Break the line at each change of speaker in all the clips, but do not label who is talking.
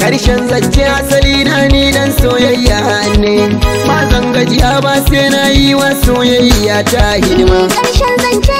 Karshen zance asali na ni dan soyayya ne Ba zan gajiya ba sai na yi wa soyayya ta hidima Karshen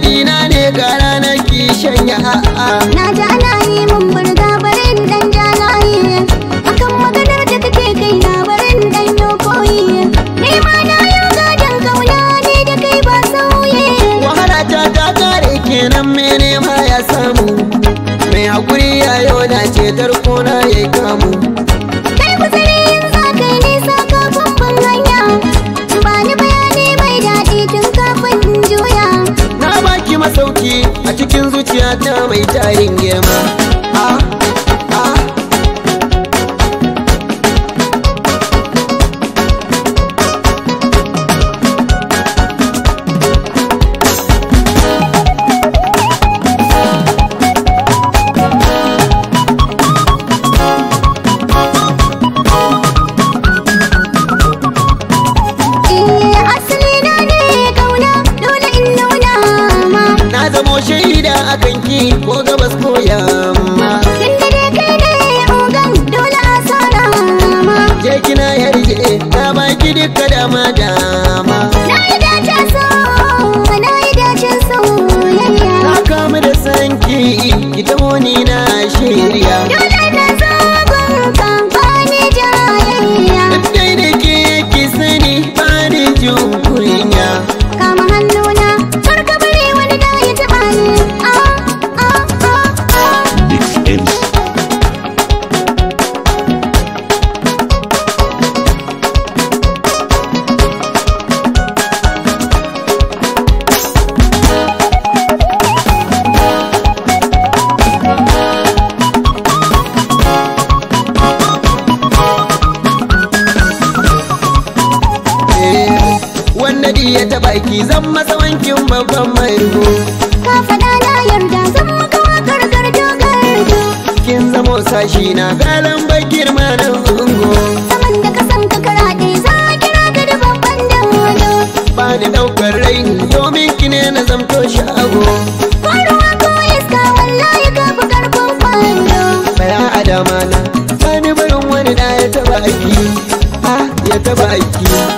na ne gara na ki shanya a'a na ji ana yi mun burga barin dan jalayi akan maganar da kake kai na barin dan yokoyi ni ma na yau gadon kauna ne da kai ba sauye wahala
ta ta kare kenan ne ma ya samu me hakuri ya yau na ce tarko na ya kamu mata mai tarin girma zamo shaida akan ki ko gabas ko yamma
Tunda da kai ne ogan dole a saurama Je
kina yarje na baki duka dama dama ya ta baki zan masa wankin babban mai rugo ka fada na yarda zan maka wakar garjo ka kin zamo sashi na galan girma na zungo saman da san ka karaɗe za a kira ka da babban dangwado ba ni ɗaukar raini domin ki ne na zamto shago faruwa ko iska
wallahi ka
fi karfin kwando baya a damana ba ni barin wani ya ta aiki, ah ya ta baki